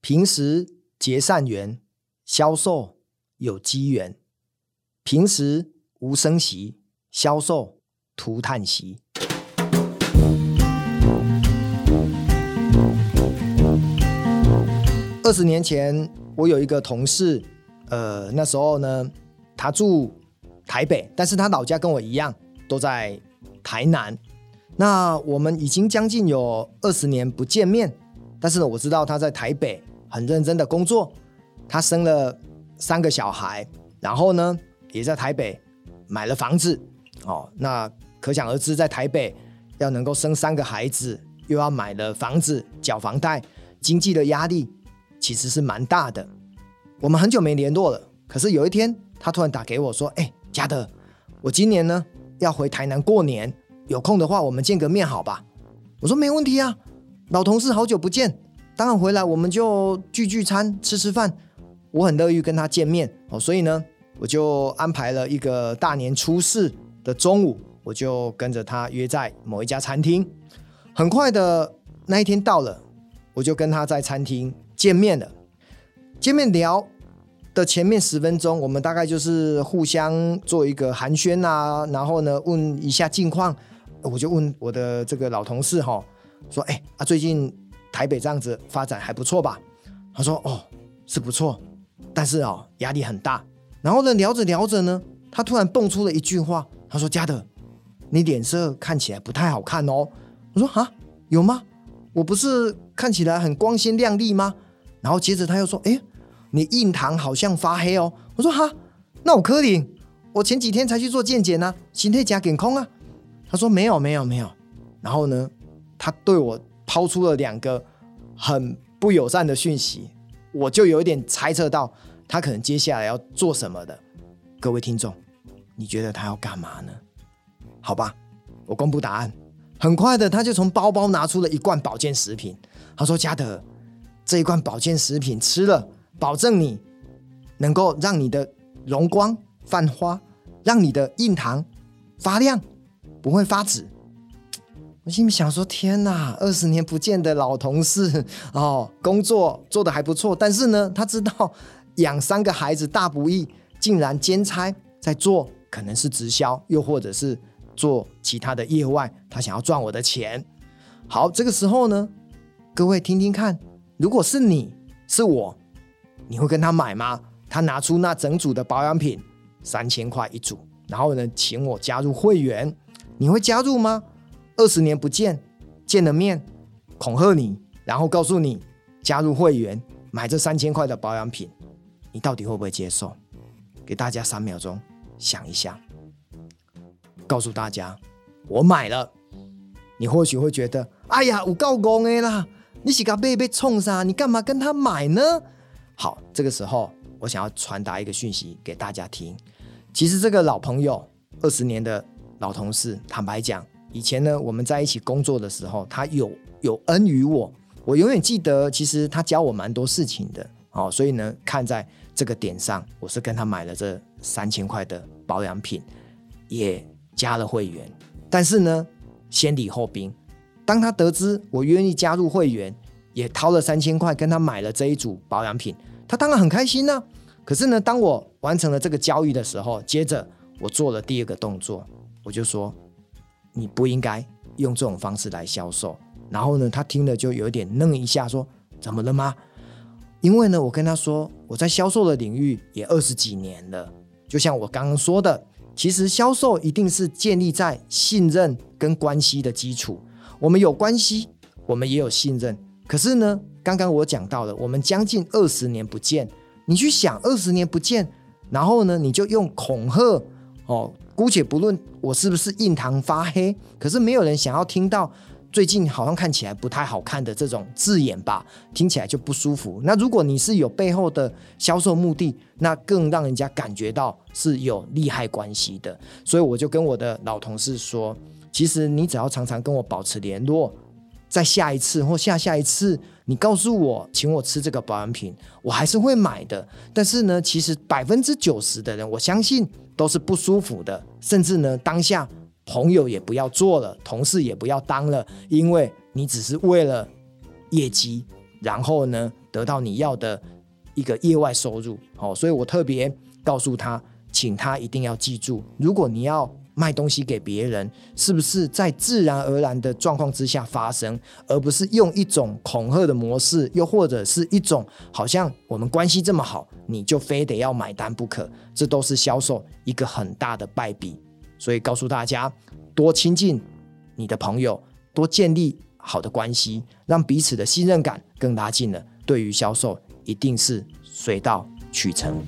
平時結善緣，銷售有機緣；平時無聲息，銷售徒嘆息。二十年前，我有一個同事，呃，那時候呢，他住台北，但是他老家跟我一樣，都在台南。那我們已經將近有二十年不見面，但是呢，我知道他在台北。很認真的工作，他生了三個小孩，然後呢，也在台北買了房子，哦，那可想而知，在台北要能夠生三個孩子，又要買了房子繳房貸，經濟的壓力其實是蠻大的。我們很久沒聯絡了，可是有一天他突然打給我，說：“哎，家德，我今年呢要回台南過年，有空的話我們見個面好吧？”我說：“沒問題啊，老同事好久不見。”當然回來，我們就聚聚餐，吃吃飯。我很樂於跟他見面哦，所以呢，我就安排了一個大年初四的中午，我就跟着他約在某一家餐廳。很快的那一天到了，我就跟他在餐廳見面了。見面聊的前面十分鐘，我們大概就是互相做一個寒暄啊，然後呢問一下近況。我就問我的這個老同事哦，說：“哎啊，最近……”台北這樣子發展還不錯吧？他說：“哦，是不錯，但是啊、哦，壓力很大。”然後呢，聊着聊着呢，他突然蹦出了一句話：“他說家德，你臉色看起來不太好看哦。”我說：“啊，有嗎？我不是看起來很光鮮亮麗嗎？”然後接着他又說：“哎、欸，你印堂好像發黑哦。”我說：“哈、啊，那我可林，我前幾天才去做健檢呢，今天加檢空啊。啊”他說：“沒有，沒有，沒有。”然後呢，他對我。拋出了兩個很不友善的訊息，我就有點猜測到他可能接下來要做什麼的。各位聽眾，你覺得他要幹嘛呢？好吧，我公布答案。很快的，他就從包包拿出了一罐保健食品。他說：“家德，這一罐保健食品吃了，保證你能夠讓你的容光煥發，讓你的印堂發亮，不會發紫。”心裡想說：“天哪，二十年不見的老同事哦，工作做得還不錯。但是呢，他知道養三個孩子大不易，竟然兼差在做，可能是直銷，又或者是做其他的業外，他想要賺我的錢。好，這個時候呢，各位聽聽看，如果是你，是我，你會跟他買嗎？他拿出那整組的保養品，三千塊一組，然後呢，請我加入會員，你會加入嗎？”二十年不見，見了面，恐嚇你，然後告訴你加入會員，買這三千塊的保養品，你到底會不會接受？給大家三秒鐘想一想，告訴大家，我買了。你或許會覺得，哎呀，有夠公誒啦，你洗咖被被衝啥，你幹嘛跟他買呢？好，這個時候我想要傳達一個訊息給大家聽。其實這個老朋友，二十年的老同事，坦白講。以前呢，我們在一起工作的時候，他有有恩於我，我永遠記得。其實他教我蠻多事情的，哦。所以呢，看在這個點上，我是跟他買了這三千塊的保養品，也加了會員。但是呢，先禮後兵。當他得知我願意加入會員，也掏了三千塊跟他買了這一組保養品，他當然很開心呢、啊。可是呢，當我完成了這個交易的時候，接着我做了第二個動作，我就說。你不應該用這種方式來銷售。然後呢，他聽了就有點愣一下，說：“怎麼了嗎？”因為呢，我跟他說，我在銷售的領域也二十幾年了。就像我剛剛說的，其實銷售一定是建立在信任跟關係的基礎。我們有關係，我們也有信任。可是呢，剛剛我講到了，我們將近二十年不見，你去想二十年不見，然後呢，你就用恐嚇哦。姑且不論我是不是印堂發黑，可是沒有人想要聽到最近好像看起來不太好看的這種字眼吧？聽起來就不舒服。那如果你是有背後的銷售目的，那更讓人家感覺到是有利害關係的。所以我就跟我的老同事說，其實你只要常常跟我保持聯絡，在下一次或下下一次，你告訴我請我吃這個保養品，我還是會買的。但是呢，其實百分之九十的人，我相信。都是不舒服的，甚至呢，當下朋友也不要做了，同事也不要當了，因為你只是為了業績，然後呢，得到你要的一個業外收入。哦。所以我特別告訴他，請他一定要記住，如果你要。賣東西給別人，是不是在自然而然的狀況之下發生，而不是用一種恐嚇的模式，又或者是一種好像我們關係這麼好，你就非得要買單不可？這都是銷售一個很大的敗筆。所以告訴大家，多親近你的朋友，多建立好的關係，讓彼此的信任感更拉近了，對於銷售一定是水到渠成。